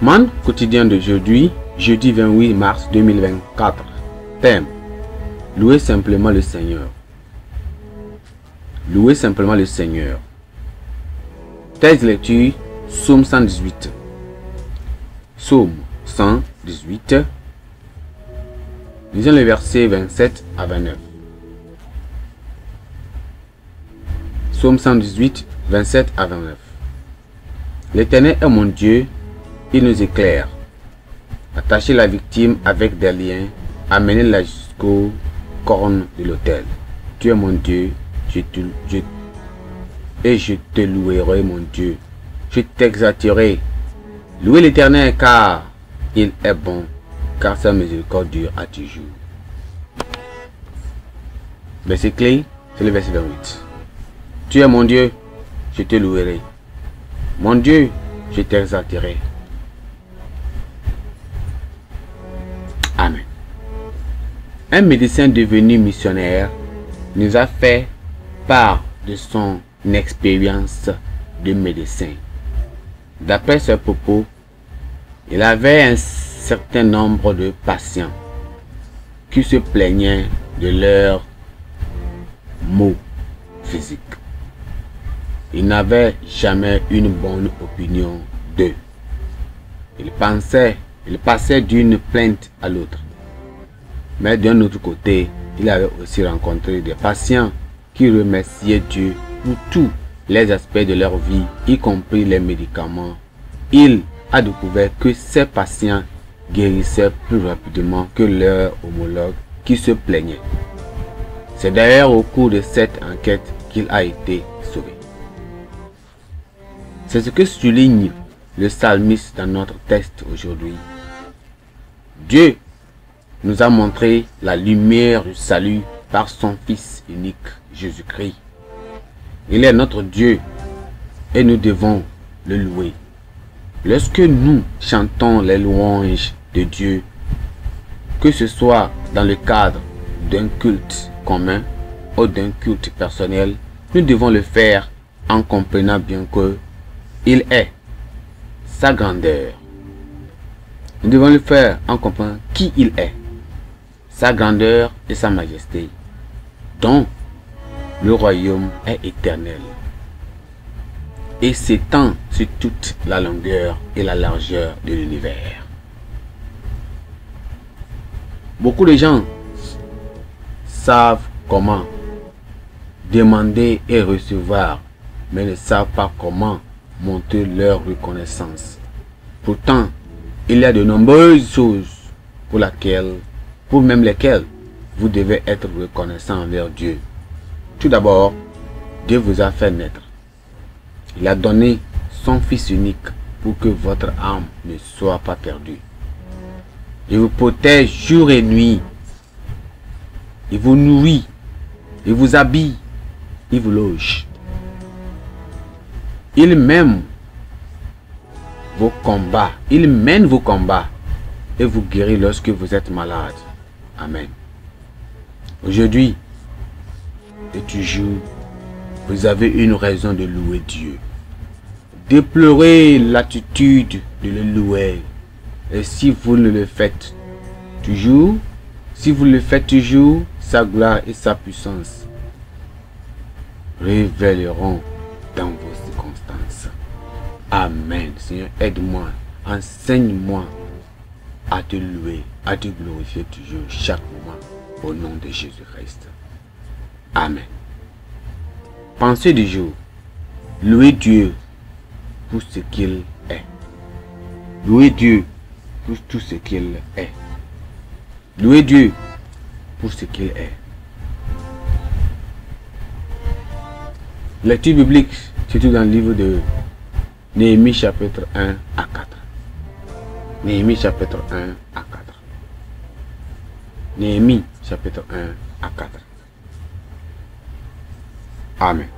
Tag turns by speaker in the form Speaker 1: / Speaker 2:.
Speaker 1: mon quotidien d'aujourd'hui, jeudi 28 mars 2024. Thème louer simplement le Seigneur. louer simplement le Seigneur. Thèse lecture Psaume 118. somme 118. Lisons le verset 27 à 29. Psaume 118, 27 à 29. L'Éternel est mon Dieu, il nous éclaire. Attachez la victime avec des liens, amenez-la jusqu'aux cornes de l'autel. Tu es mon Dieu, je et je te louerai, mon Dieu. Je t'exalterai. Louez l'Éternel car il est bon, car sa miséricorde dure à toujours. Verset clé, c'est le verset 28. Tu es mon Dieu, je te louerai. Mon Dieu, je t'exalterai. Amen. Un médecin devenu missionnaire nous a fait part de son expérience de médecin. D'après ce propos, il avait un certain nombre de patients qui se plaignaient de leurs maux physiques. Il n'avait jamais une bonne opinion d'eux. Il pensait il passait d'une plainte à l'autre. Mais d'un autre côté, il avait aussi rencontré des patients qui remerciaient Dieu pour tous les aspects de leur vie, y compris les médicaments. Il a découvert que ces patients guérissaient plus rapidement que leurs homologues qui se plaignaient. C'est d'ailleurs au cours de cette enquête qu'il a été sauvé. C'est ce que souligne le psalmiste dans notre texte aujourd'hui. Dieu nous a montré la lumière du salut par son Fils unique, Jésus-Christ. Il est notre Dieu et nous devons le louer. Lorsque nous chantons les louanges de Dieu, que ce soit dans le cadre d'un culte commun ou d'un culte personnel, nous devons le faire en comprenant bien que il est sa grandeur, nous devons le faire en comprenant qui il est, sa grandeur et sa majesté, dont le royaume est éternel et s'étend sur toute la longueur et la largeur de l'univers. Beaucoup de gens savent comment demander et recevoir, mais ne savent pas comment monter leur reconnaissance. Pourtant, il y a de nombreuses choses pour laquelle, pour même lesquelles, vous devez être reconnaissant envers Dieu. Tout d'abord, Dieu vous a fait naître. Il a donné son Fils unique pour que votre âme ne soit pas perdue. Il vous protège jour et nuit. Il vous nourrit. Il vous habille. Il vous loge. Il m'aime vos combats. Il mène vos combats et vous guérit lorsque vous êtes malade. Amen. Aujourd'hui, et toujours, vous avez une raison de louer Dieu. Déplorez l'attitude de le louer. Et si vous ne le faites toujours, si vous le faites toujours, sa gloire et sa puissance révéleront dans vos circonstances. Amen. Seigneur, aide-moi, enseigne-moi à te louer, à te glorifier toujours, chaque moment, au nom de Jésus-Christ. Amen. pensez du jour. louez Dieu pour ce qu'il est. louez Dieu pour tout ce qu'il est. louez Dieu pour ce qu'il est. Lecture biblique, c'est tout dans le livre de Néhémie chapitre 1 à 4. Néhémie chapitre 1 à 4. Néhémie chapitre 1 à 4. Amen.